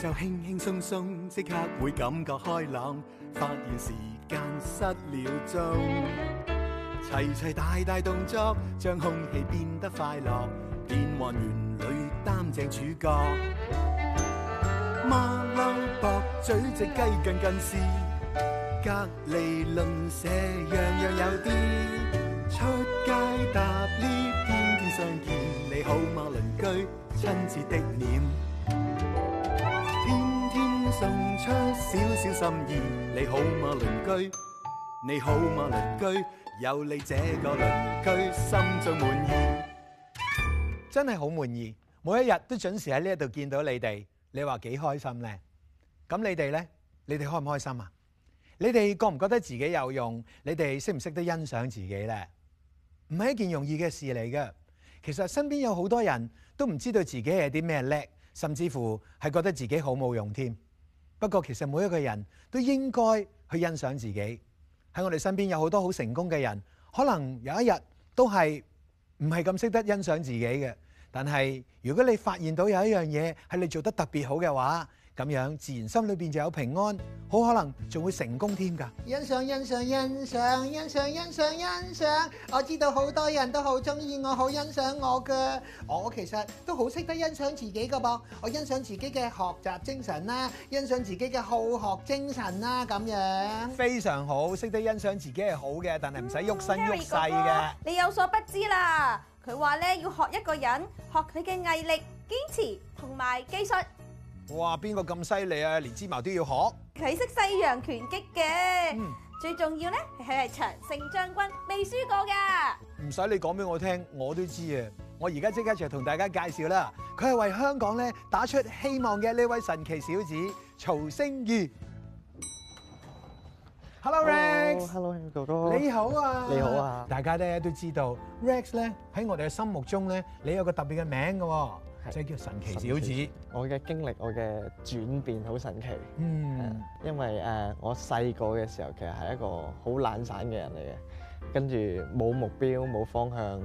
就輕輕鬆鬆，即刻會感覺開朗，發現時間失了蹤。齊齊大大動作，將空氣變得快樂，變幻園裏擔正主角。孖騮駁嘴隻雞近近事隔籬鄰舍樣樣有啲。出街搭 lift，天天相見，你好嗎，鄰居？親切的臉。送出少少心意，你好嗎，鄰居？你好嗎，鄰居？有你這個鄰居，心中滿意，真係好滿意。每一日都準時喺呢一度見到你哋，你話幾開心呢？咁你哋呢？你哋開唔開心啊？你哋覺唔覺得自己有用？你哋識唔識得欣賞自己呢？唔係一件容易嘅事嚟㗎。其實身邊有好多人都唔知道自己係啲咩叻，甚至乎係覺得自己好冇用添。不過，其實，每一個人都應該去欣賞自己。喺我哋身邊，有好多好成功嘅人，可能有一日都係，唔係咁識得欣賞自己嘅。但係，如果你發現到有一樣嘢，係你做得特別好嘅話，咁樣自然，心裏邊就有平安，好可能仲會成功添噶。欣賞欣賞欣賞欣賞欣賞欣賞，我知道好多人都好中意我，好欣賞我嘅。我其實都好識得欣賞自己嘅噃，我欣賞自己嘅學習精神啦、啊，欣賞自己嘅好學精神啦、啊，咁樣非常好，識得欣賞自己係好嘅，但係唔使喐身喐勢嘅。嗯、Harry 哥哥你有所不知啦，佢話咧要學一個人，學佢嘅毅力、堅持同埋技術。哇！邊個咁犀利啊？連芝麻都要學。佢識西洋拳擊嘅，嗯，最重要咧，佢係長勝將軍，未輸過嘅。唔使你講俾我聽，我都知啊！我而家即刻就同大家介紹啦。佢係為香港咧打出希望嘅呢位神奇小子曹星如。Hello Rex，你好，Hello, Hello, 你好啊！你好啊！大家咧都知道，Rex 咧喺我哋嘅心目中咧，你有個特別嘅名嘅。即叫神奇小子。我嘅經歷，我嘅轉變好神奇。嗯、mm. 呃，因為誒、呃，我細個嘅時候其實係一個好懶散嘅人嚟嘅，跟住冇目標、冇方向，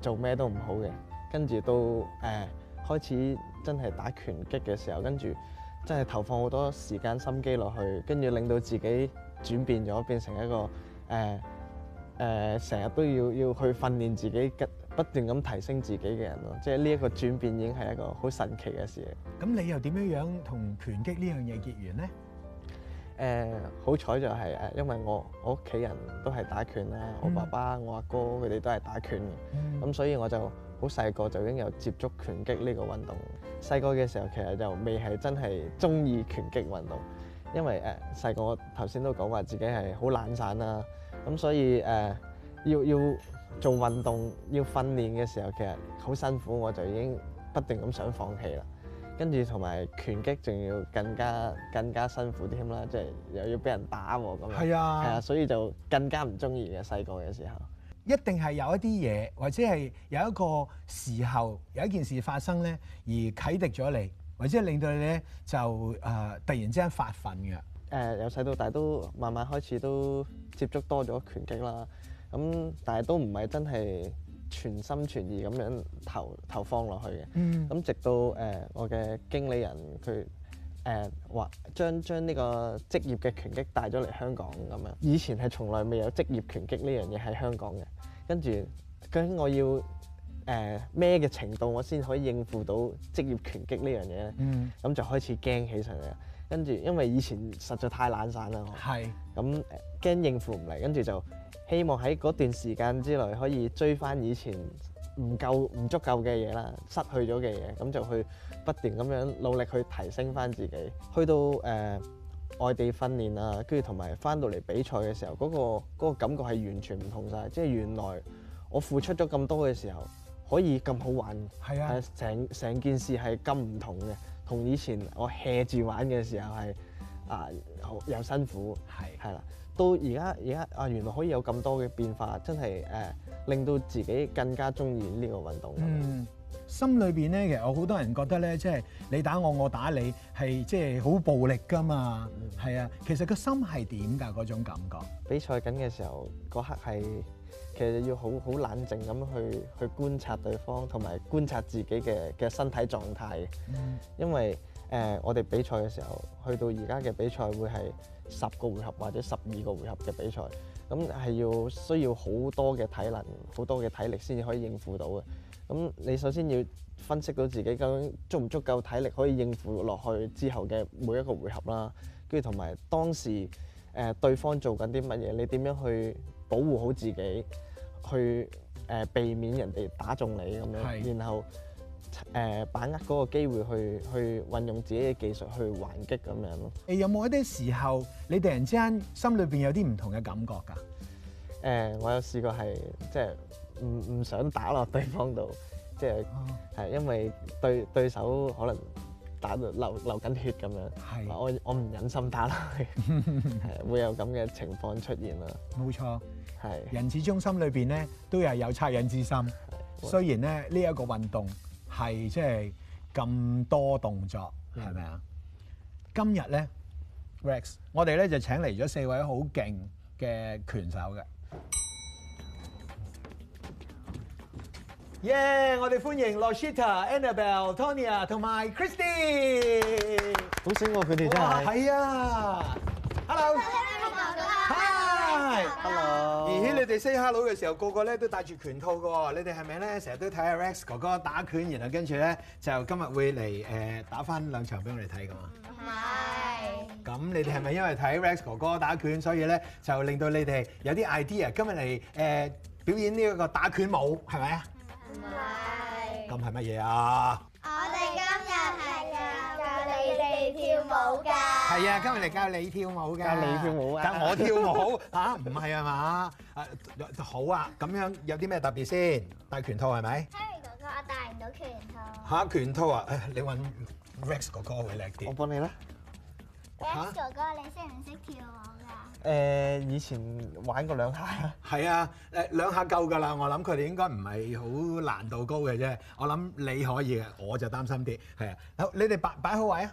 做咩都唔好嘅。跟住到誒、呃、開始真係打拳擊嘅時候，跟住真係投放好多時間、心機落去，跟住令到自己轉變咗，變成一個誒誒，成日、呃、呃、都要要去訓練自己嘅。不斷咁提升自己嘅人咯，即係呢一個轉變已經係一個好神奇嘅事。咁你又點樣樣同拳擊呢樣嘢結緣呢？誒、呃，好彩就係、是、誒，因為我我屋企人都係打拳啦，嗯、我爸爸、我阿哥佢哋都係打拳嘅，咁、嗯、所以我就好細個就已經有接觸拳擊呢個運動。細個嘅時候其實就未係真係中意拳擊運動，因為誒細個我頭先都講話自己係好懶散啦，咁所以誒要、呃、要。要做運動要訓練嘅時候，其實好辛苦，我就已經不斷咁想放棄啦。跟住同埋拳擊仲要更加更加辛苦添啦，即係又要俾人打喎咁。係啊，係啊，所以就更加唔中意嘅細個嘅時候。一定係有一啲嘢，或者係有一個時候，有一件事發生咧，而啟迪咗你，或者係令到你咧就誒、呃、突然之間發奮嘅。誒、呃，由細到大都慢慢開始都接觸多咗拳擊啦。咁、嗯，但係都唔係真係全心全意咁樣投投放落去嘅。咁、嗯、直到誒、呃、我嘅經理人佢誒話將將呢個職業嘅拳擊帶咗嚟香港咁樣，以前係從來未有職業拳擊呢樣嘢喺香港嘅。跟住究竟我要誒咩嘅程度，我先可以應付到職業拳擊呢、嗯、樣嘢咧？咁就開始驚起上嚟，跟住因為以前實在太懶散啦，我係咁驚應付唔嚟，跟住就。希望喺嗰段時間之內可以追翻以前唔夠唔足夠嘅嘢啦，失去咗嘅嘢，咁就去不斷咁樣努力去提升翻自己。去到誒、呃、外地訓練啊，跟住同埋翻到嚟比賽嘅時候，嗰、嗰個嗰個感覺係完全唔同晒。即係原來我付出咗咁多嘅時候，可以咁好玩，係啊，成成件事係咁唔同嘅，同以前我 hea 住玩嘅時候係。啊，又又辛苦，係係啦，到而家而家啊，原來可以有咁多嘅變化，真係誒、呃，令到自己更加鍾意呢個運動。嗯，心裏邊咧，其實我好多人覺得咧，即、就、係、是、你打我，我打你，係即係好暴力㗎嘛。係啊、嗯，其實個心係點㗎嗰種感覺？比賽緊嘅時候，嗰刻係其實要好好冷靜咁去去觀察對方，同埋觀察自己嘅嘅身體狀態。嗯，因為。誒、呃，我哋比賽嘅時候，去到而家嘅比賽會係十個回合或者十二個回合嘅比賽，咁係要需要好多嘅體能、好多嘅體力先至可以應付到嘅。咁你首先要分析到自己究竟足唔足夠體力可以應付落去之後嘅每一個回合啦，跟住同埋當時誒、呃、對方做緊啲乜嘢，你點樣去保護好自己，去誒、呃、避免人哋打中你咁樣，的然後。誒、呃，把握嗰個機會去去運用自己嘅技術去還擊咁樣咯。誒、欸，有冇一啲時候你突然之間心裏邊有啲唔同嘅感覺㗎？誒、呃，我有試過係即係唔唔想打落對方度，即係係因為對對手可能打到流流緊血咁樣，哦、我我唔忍心打落去，係 會有咁嘅情況出現啦。冇錯，係是人始終心裏邊咧都係有惻隱之心，嗯、雖然咧呢一、這個運動。係即係咁多動作係咪啊？今日咧，Rex，我哋咧就請嚟咗四位好勁嘅拳手㗎。Yeah，我哋歡迎 Loshita、Annabelle、Tonya 同埋 Christie。好醒目，佢哋真係。係啊，Hello。而咦你哋 say hello 嘅時候，個個咧都戴住拳套㗎喎。你哋係咪咧？成日都睇阿 Rex 哥哥打拳，然後跟住咧就今日會嚟誒打返兩場俾我哋睇㗎嘛？唔係。咁你哋係咪因為睇 Rex 哥哥打拳，所以咧就令到你哋有啲 idea？今日嚟誒表演呢一個打拳舞係咪啊？唔係。咁係乜嘢啊？我哋今日係教你哋跳舞㗎。係啊，今日嚟教你跳舞㗎。教你跳舞啊！教我跳舞吓，唔係啊嘛？誒，好啊，咁樣有啲咩特別先？戴拳套係咪？Henry 哥哥，我戴唔到拳套。吓拳套啊！誒，你揾 Rex 哥哥會叻啲。我幫你啦。Rex 哥哥，你識唔識跳舞㗎？誒，以前玩過兩下。係啊，誒兩下夠㗎啦。我諗佢哋應該唔係好難度高嘅啫。我諗你可以嘅，我就擔心啲。係啊，好，你哋擺擺好位啊！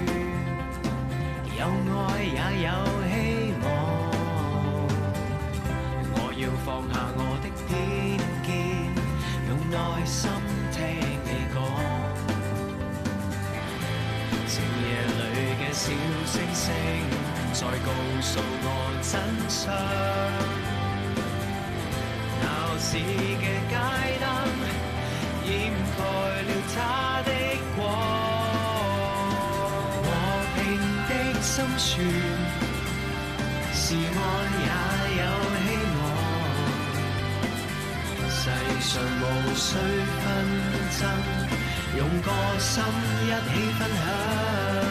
做我真相，鬧市嘅街燈掩蓋了它的光。和平的心願，是愛也有希望。世上無需紛爭，用個心一起分享。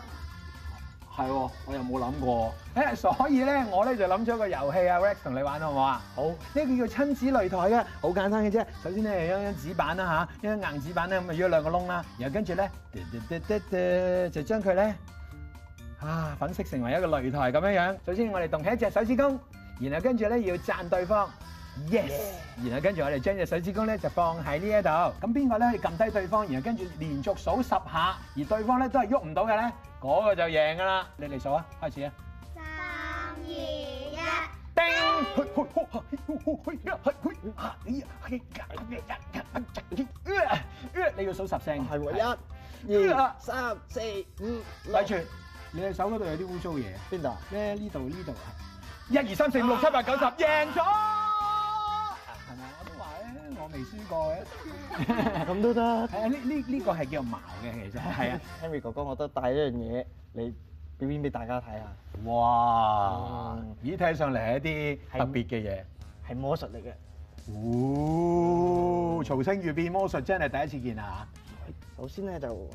係喎，我又冇諗過。誒，所以咧，我咧就諗咗個遊戲啊 Rex 同你玩好唔好啊？好，呢個叫親子擂台啊，好簡單嘅啫。首先咧，有張紙板啦嚇，一張硬紙板咧咁，約兩個窿啦。然後跟住咧，就將佢咧啊，粉飾成為一個擂台咁樣樣。首先我哋動起一隻手指公，然後跟住咧要讚對方，yes。然後跟住我哋將隻手指公咧就放喺呢一度。咁邊個咧可以撳低對方，然後跟住連續數十下，而對方咧都係喐唔到嘅咧？嗰個就贏㗎啦！你嚟數啊，開始啊！三二一，叮！你要數十聲，係喎，一、二、三、四、五。咪住，你隻手嗰度有啲污糟嘢，邊度？咧，呢度呢度啊！一、二、三、四、五、六、七、八、九、十，贏咗！未輸過嘅，咁都得。呢呢呢個係叫矛嘅，其實係啊。Henry 哥哥，我都帶一樣嘢嚟表演俾大家睇下！哇，咦睇上嚟係一啲特別嘅嘢，係魔術嚟嘅。哦，曹星如變魔術真係第一次見啊！首先咧就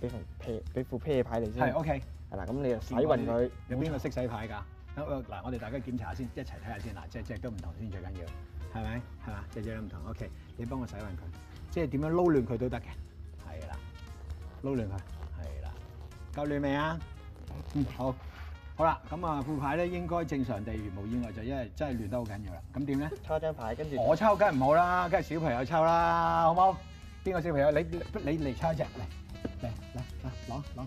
俾副啤俾副啤牌你先，係 OK。嗱咁你就洗勻佢，有邊個識洗牌㗎？嗱我哋大家檢查下先，一齊睇下先。嗱，隻隻都唔同先最緊要。.係咪？係嘛，隻隻都唔同。OK，你幫我洗匀佢，即係點樣撈亂佢都得嘅。係啦，撈亂佢。係啦，夠亂未啊？嗯，好。好啦，咁啊，副牌咧應該正常地，如無意外就因為真係亂得好緊要啦。咁點咧？抽張牌，跟住我抽梗係唔好啦，梗係小朋友抽啦，好唔好？邊個小朋友？你你嚟抽一隻嚟嚟嚟啊！攞攞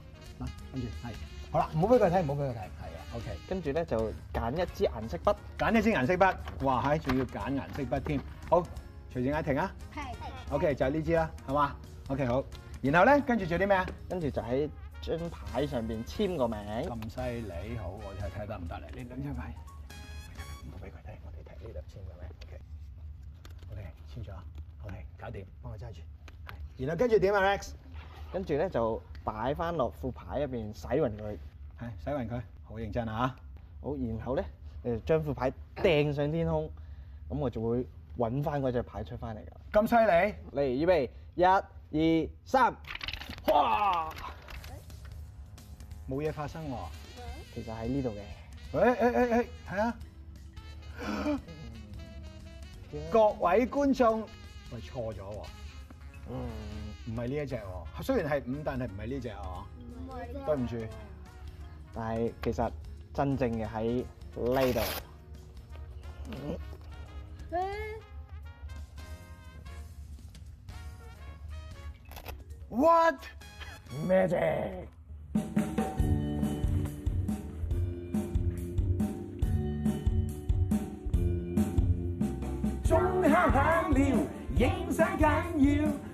攞，跟住係。好啦，唔好俾佢睇，唔好俾佢睇，係啊，OK。跟住咧就揀一支顏色筆，揀一支顏色筆。哇嗨，仲要揀顏色筆添。好，隨住嗌停啊。係，係。OK，就係呢支啦，係嘛？OK，好。然後咧，跟住做啲咩啊？跟住就喺張牌上邊簽個名。咁犀利，好，我睇睇得唔得嚟？呢兩張牌，唔好俾佢睇，我哋睇呢度簽個名。OK，OK，簽咗，OK，搞掂。幫我揸住。然後跟住點啊，Rex？跟住咧就擺翻落副牌入邊洗勻佢，係洗勻佢，好認真啊嚇！好，然後咧，誒，將副牌掟上天空，咁我就會揾翻嗰隻牌出翻嚟㗎。咁犀利！嚟，預備一、二、三，哇！冇嘢發生喎，其實喺呢度嘅。誒誒誒誒，睇下各位觀眾，咪錯咗喎。嗯。唔係呢一隻喎，雖然係五，但係唔係呢隻啊，對唔住，但係其實真正嘅喺呢度。What magic？鐘敲響了，影相緊要。